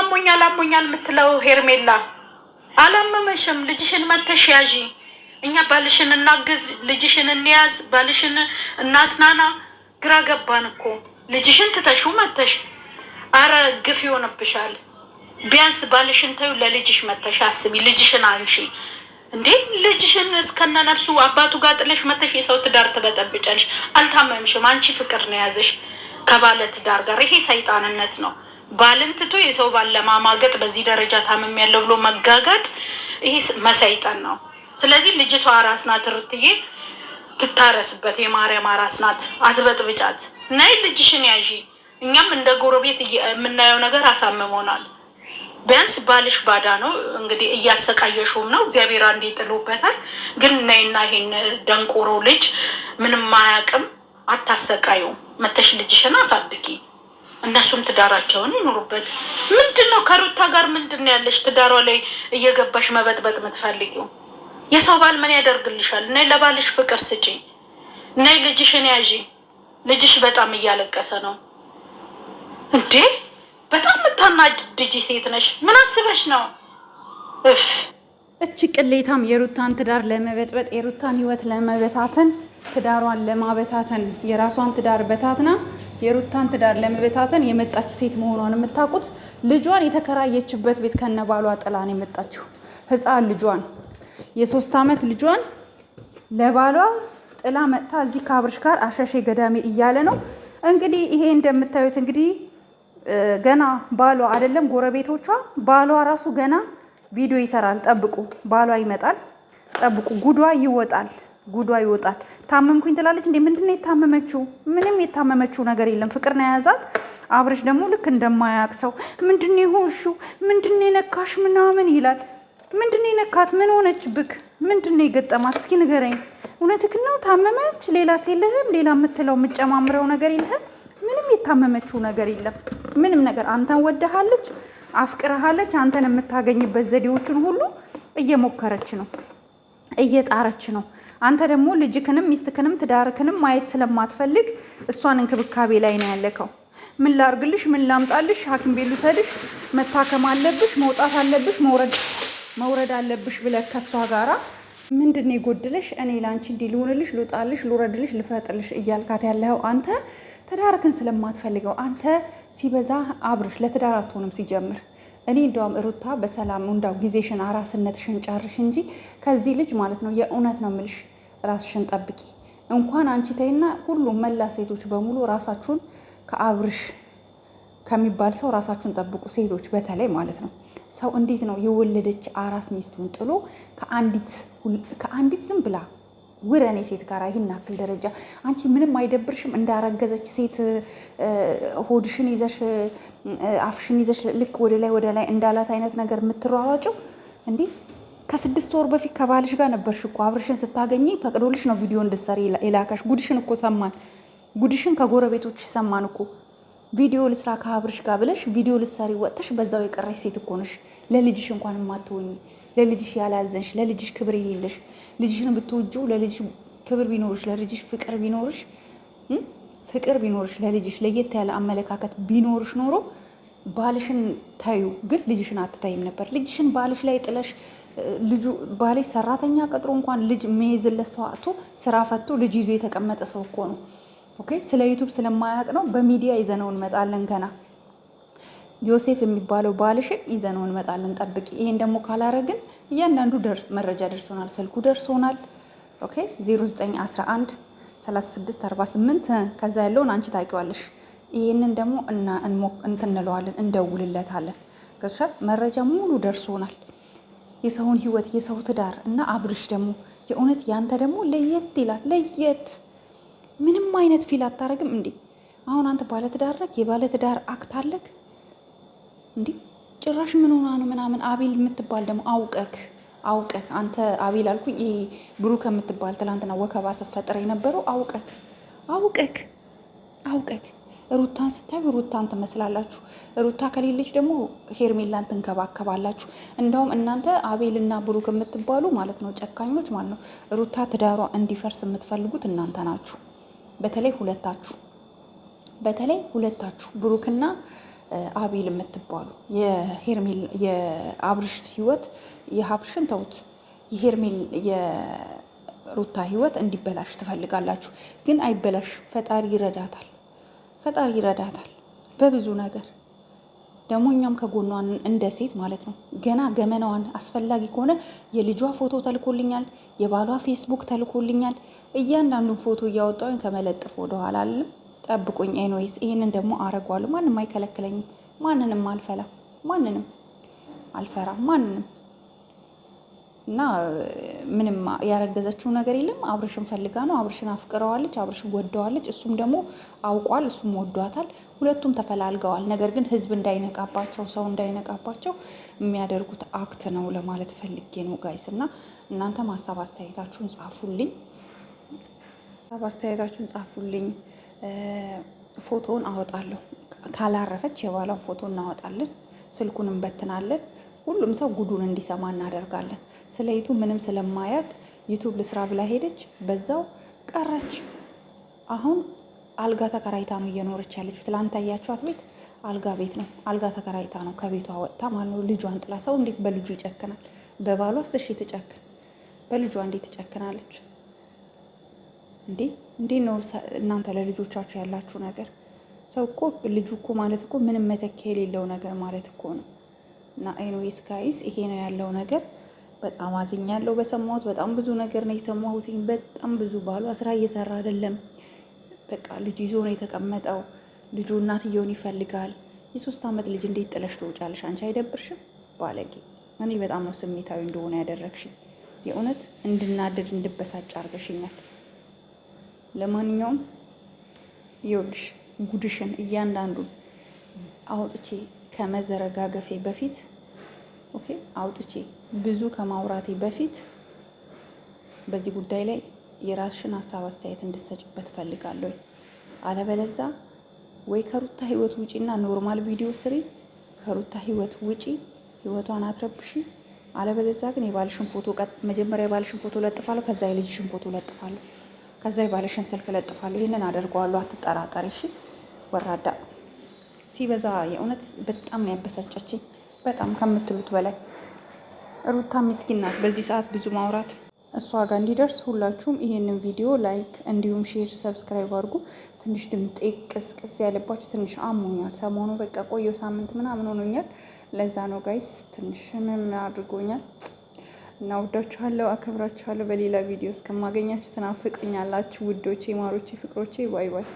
አሞኛል አሞኛል የምትለው ሄርሜላ አላመመሽም። ልጅሽን መተሽ ያዢ። እኛ ባልሽን እናግዝ፣ ልጅሽን እንያዝ፣ ባልሽን እናስናና። ግራ ገባን እኮ ልጅሽን ትተሹ መተሽ። አረ ግፍ ይሆንብሻል። ቢያንስ ባልሽን ተዩ፣ ለልጅሽ መተሽ አስቢ፣ ልጅሽን አንሺ። እንዴ ልጅሽን እስከነ ነብሱ አባቱ ጋር ጥለሽ መተሽ የሰው ትዳር ትበጠብጫለሽ። አልታመምሽም። አንቺ ፍቅር ነው የያዘሽ ከባለ ትዳር ጋር። ይሄ ሰይጣንነት ነው። ባልን ትቶ የሰው ባል ለማማገጥ በዚህ ደረጃ ታምም ያለው ብሎ መጋጋጥ ይሄ መሰይጠን ነው። ስለዚህ ልጅቷ አራስ ናት፣ ርትዬ ትታረስበት። የማርያም አራስ ናት፣ አትበጥብጫት። ነይ ልጅሽን ያዢ። እኛም እንደ ጎረቤት የምናየው ነገር አሳምሞናል። ቢያንስ ባልሽ ባዳ ነው እንግዲህ እያሰቃየሽውም ነው። እግዚአብሔር አንዴ ጥሎበታል። ግን ነይና ይሄን ደንቆሮ ልጅ ምንም አያውቅም፣ አታሰቃዩ። መተሽ ልጅሽን አሳድጊ። እነሱም ትዳራቸውን ይኑሩበት። ምንድን ነው ከሩታ ጋር ምንድን ነው ያለሽ? ትዳሯ ላይ እየገባሽ መበጥበጥ የምትፈልጊው የሰው ባል ምን ያደርግልሻል? ነይ ለባልሽ ፍቅር ስጪ። ነይ ልጅሽን ያዢ። ልጅሽ በጣም እያለቀሰ ነው እንዴ! በጣም የምታናድጅ ሴት ነሽ። ምን አስበሽ ነው እፍ እች ቅሌታም የሩታን ትዳር ለመበጥበጥ የሩታን ህይወት ለመበታተን ትዳሯን ለማበታተን የራሷን ትዳር በታትና የሩታን ትዳር ለመበታተን የመጣች ሴት መሆኗን የምታውቁት ልጇን የተከራየችበት ቤት ከነባሏ ጥላን የመጣችው ህፃን ልጇን የሶስት ዓመት ልጇን ለባሏ ጥላ መጥታ እዚህ ከአብርሽ ጋር አሸሼ ገዳሜ እያለ ነው እንግዲህ። ይሄ እንደምታዩት እንግዲህ ገና ባሏ አይደለም ጎረቤቶቿ፣ ባሏ ራሱ ገና ቪዲዮ ይሰራል። ጠብቁ፣ ባሏ ይመጣል። ጠብቁ፣ ጉዷ ይወጣል። ጉዷ ይወጣል። ታመምኩኝ ትላለች እንዴ! ምንድን ነው የታመመችው? ምንም የታመመችው ነገር የለም። ፍቅር ነው የያዛት። አብረሽ ደግሞ ልክ እንደማያውቅ ሰው ምንድን ነው የሆንሽው? ምንድን ነው የነካሽ? ምናምን ይላል። ምንድን ነው የነካት? ምን ሆነች? ብክ ምንድን ነው የገጠማት? እስኪ ንገረኝ። እውነትህን ነው ታመመች? ሌላ የለህም? ሌላ የምትለው የምጨማምረው ነገር የለህም? ምንም የታመመችው ነገር የለም። ምንም ነገር አንተን ወደሃለች፣ አፍቅረሃለች። አንተን የምታገኝበት ዘዴዎችን ሁሉ እየሞከረች ነው፣ እየጣረች ነው። አንተ ደግሞ ልጅክንም ሚስትክንም ትዳርክንም ማየት ስለማትፈልግ እሷን እንክብካቤ ላይ ነው ያለከው። ምን ላርግልሽ? ምን ላምጣልሽ? ሐኪም ቤት ልውሰድሽ? መታከም አለብሽ፣ መውጣት አለብሽ፣ መውረድ አለብሽ ብለህ ከእሷ ጋራ ምንድን ነው የጎድልሽ? እኔ ላንቺ እንዲህ ልሆንልሽ፣ ልውጣልሽ፣ ልውረድልሽ፣ ልፈጥልሽ እያልካት ያለው አንተ ትዳርክን ስለማትፈልገው አንተ ሲበዛ አብርሽ ለትዳር አትሆንም ሲጀምር እኔ እንደውም ሩታ በሰላም እንዳው ጊዜሽን አራስነትሽን ጨርሽ እንጂ ከዚህ ልጅ ማለት ነው የእውነት ነው ምልሽ ራስሽን ጠብቂ። እንኳን አንቺ ተይና ሁሉም መላ ሴቶች በሙሉ ራሳችሁን ከአብርሽ ከሚባል ሰው ራሳችሁን ጠብቁ። ሴቶች በተለይ ማለት ነው። ሰው እንዴት ነው የወለደች አራስ ሚስቱን ጥሎ ከአንዲት ዝም ብላ ውረኔ ሴት ጋር ይህን አክል ደረጃ አንቺ ምንም አይደብርሽም? እንዳረገዘች ሴት ሆድሽን ይዘሽ አፍሽን ይዘሽ ልክ ወደ ላይ ወደ ላይ እንዳላት አይነት ነገር የምትሯሯጭው እንዲህ ከስድስት ወር በፊት ከባልሽ ጋር ነበርሽ እኮ አብርሽን ስታገኝ ፈቅዶልሽ ነው ቪዲዮ እንድትሰሪ የላካሽ። ጉድሽን እኮ ሰማን፣ ጉድሽን ከጎረቤቶች ሰማን እኮ ቪዲዮ ልስራ ከአብርሽ ጋር ብለሽ ቪዲዮ ልሰሪ ወጥተሽ በዛው የቀረሽ ሴት እኮ ነሽ፣ ለልጅሽ እንኳን የማትሆኝ ለልጅሽ ያላዘንሽ፣ ለልጅሽ ክብር የሌለሽ፣ ልጅሽን ብትወጂው፣ ለልጅሽ ክብር ቢኖርሽ፣ ለልጅሽ ፍቅር ቢኖርሽ ፍቅር ቢኖርሽ፣ ለልጅሽ ለየት ያለ አመለካከት ቢኖርሽ ኖሮ ባልሽን ታዩ፣ ግን ልጅሽን አትታይም ነበር። ልጅሽን ባልሽ ላይ ጥለሽ ልጁ ባልሽ ሰራተኛ ቀጥሮ እንኳን ልጅ መይዝለት ሰው አቶ ስራ ፈቶ ልጅ ይዞ የተቀመጠ ሰው እኮ ነው። ኦኬ፣ ስለ ዩቱብ ስለማያውቅ ነው። በሚዲያ ይዘነው እንመጣለን ገና ዮሴፍ የሚባለው ባልሽን ይዘነው እንመጣለን፣ ጠብቂ። ይሄን ደግሞ ካላረግን እያንዳንዱ መረጃ ደርሶናል፣ ስልኩ ደርሶናል። ኦኬ 0911 3648 ከዛ ያለውን አንቺ ታውቂዋለሽ። ይህንን ደግሞ እንትንለዋለን፣ እንደውልለታለን። ገብቶሻል? መረጃ ሙሉ ደርሶናል፣ የሰውን ህይወት፣ የሰው ትዳር እና አብርሽ ደግሞ የእውነት ያንተ ደግሞ ለየት ይላል። ለየት ምንም አይነት ፊል አታረግም እንዴ? አሁን አንተ ባለትዳር ነህ፣ የባለትዳር አክት አለክ እንዲ ጭራሽ ምን ሆና ነው ምናምን አቤል የምትባል ደግሞ አውቀክ አውቀክ አንተ አቤል አልኩኝ። ይሄ ብሩክ የምትባል ትላንትና ወከባ ስፈጥር የነበረው አውቀክ አውቀክ አውቀክ ሩታን ስታዩ ሩታን ትመስላላችሁ። ሩታ ከሌለች ደግሞ ሄርሜላን ትንከባከባላችሁ። እንደውም እናንተ አቤልና ብሩክ የምትባሉ ማለት ነው ጨካኞች ማለት ነው። ሩታ ትዳሯ እንዲፈርስ የምትፈልጉት እናንተ ናችሁ። በተለይ ሁለታችሁ በተለይ ሁለታችሁ ብሩክና አቤል የምትባሉ የአብርሽ ህይወት የሀብርሽን ተውት፣ የሄርሜል የሩታ ህይወት እንዲበላሽ ትፈልጋላችሁ። ግን አይበላሽ፣ ፈጣሪ ይረዳታል። ፈጣሪ ይረዳታል በብዙ ነገር ደግሞ እኛም ከጎኗን እንደ ሴት ማለት ነው። ገና ገመናዋን አስፈላጊ ከሆነ የልጇ ፎቶ ተልኮልኛል፣ የባሏ ፌስቡክ ተልኮልኛል። እያንዳንዱን ፎቶ እያወጣሁኝ ከመለጥፍ ወደኋላ አለም ጠብቁኝ። ኤንዌይስ ይህንን ደግሞ አረጓለሁ። ማንም አይከለክለኝም። ማንንም አልፈላ ማንንም አልፈራ ማንንም እና ምንም ያረገዘችው ነገር የለም። አብርሽን ፈልጋ ነው። አብርሽን አፍቅረዋለች። አብርሽን ወደዋለች። እሱም ደግሞ አውቋል። እሱም ወዷታል። ሁለቱም ተፈላልገዋል። ነገር ግን ህዝብ እንዳይነቃባቸው፣ ሰው እንዳይነቃባቸው የሚያደርጉት አክት ነው ለማለት ፈልጌ ነው ጋይስ። እና እናንተም ሀሳብ አስተያየታችሁን ጻፉልኝ። ሀሳብ አስተያየታችሁን ጻፉልኝ። ፎቶውን አወጣለሁ። ካላረፈች የባሏን ፎቶ እናወጣለን፣ ስልኩን እንበትናለን። ሁሉም ሰው ጉዱን እንዲሰማ እናደርጋለን። ስለ ዩቱብ ምንም ስለማያት ዩቱብ ልስራ ብላ ሄደች፣ በዛው ቀረች። አሁን አልጋ ተከራይታ ነው እየኖረች ያለች። ትላንት ያያችኋት ቤት አልጋ ቤት ነው። አልጋ ተከራይታ ነው ከቤቷ ወጥታ ማለት ነው። ልጇን ጥላ። ሰው እንዴት በልጁ ይጨክናል? በባሏስ እሺ ትጨክን፣ በልጇ እንዴት ትጨክናለች? እንዴ እንዴ ነው እናንተ ለልጆቻችሁ ያላችሁ ነገር። ሰው እኮ ልጁ እኮ ማለት እኮ ምንም መተኪያ የሌለው ነገር ማለት እኮ ነው። እና ኤኒዌይስ ጋይስ ይሄ ነው ያለው ነገር። በጣም አዝኛለሁ በሰማሁት። በጣም ብዙ ነገር ነው የሰማሁት። በጣም ብዙ ባሏ ስራ እየሰራ አይደለም። በቃ ልጅ ይዞ ነው የተቀመጠው። ልጁ እናትየውን ይፈልጋል። የሶስት አመት ልጅ እንዴት ጥለሽ ትወጫለሽ? አንቺ አይደብርሽም? ባለጌ! እኔ በጣም ነው ስሜታዊ እንደሆነ ያደረግሽኝ። የእውነት እንድናደድ እንድበሳጭ አድርገሽኛል። ለማንኛውም ይኸውልሽ ጉድሽን እያንዳንዱን አውጥቼ ከመዘረጋገፌ በፊት ኦኬ፣ አውጥቼ ብዙ ከማውራቴ በፊት በዚህ ጉዳይ ላይ የራስሽን ሀሳብ አስተያየት እንድትሰጭበት ፈልጋለሁ። አለበለዛ ወይ ከሩታ ህይወት ውጪና ኖርማል ቪዲዮ ስሪ፣ ከሩታ ህይወት ውጪ ህይወቷን አትረብሽ። አለበለዛ ግን የባልሽን ፎቶ መጀመሪያ የባልሽን ፎቶ ለጥፋለሁ፣ ከዛ የልጅሽን ፎቶ ለጥፋለሁ። ከዛ የባለሽን ስልክ ለጥፋለሁ፣ ይህንን አደርገዋለሁ፣ አትጠራጠር። እሺ። ወራዳ ሲበዛ የእውነት በጣም ነው ያበሳጨችኝ፣ በጣም ከምትሉት በላይ ሩታ ምስኪን ናት። በዚህ ሰዓት ብዙ ማውራት እሷ ጋር እንዲደርስ ሁላችሁም ይህንን ቪዲዮ ላይክ እንዲሁም ሼር ሰብስክራይብ አድርጉ። ትንሽ ድምጤ ቅስቅስ ያለባችሁ ትንሽ አሞኛል። ሰሞኑ በቃ ቆየው ሳምንት ምናምን ሆኖኛል። ለዛ ነው ጋይስ ትንሽ ምን አድርጎኛል። እና ወዳችኋለሁ፣ አከብራችኋለሁ። በሌላ ቪዲዮ እስከማገኛችሁ ተናፍቁኛላችሁ ውዶቼ፣ ማሮቼ፣ ፍቅሮቼ። ባይ ባይ።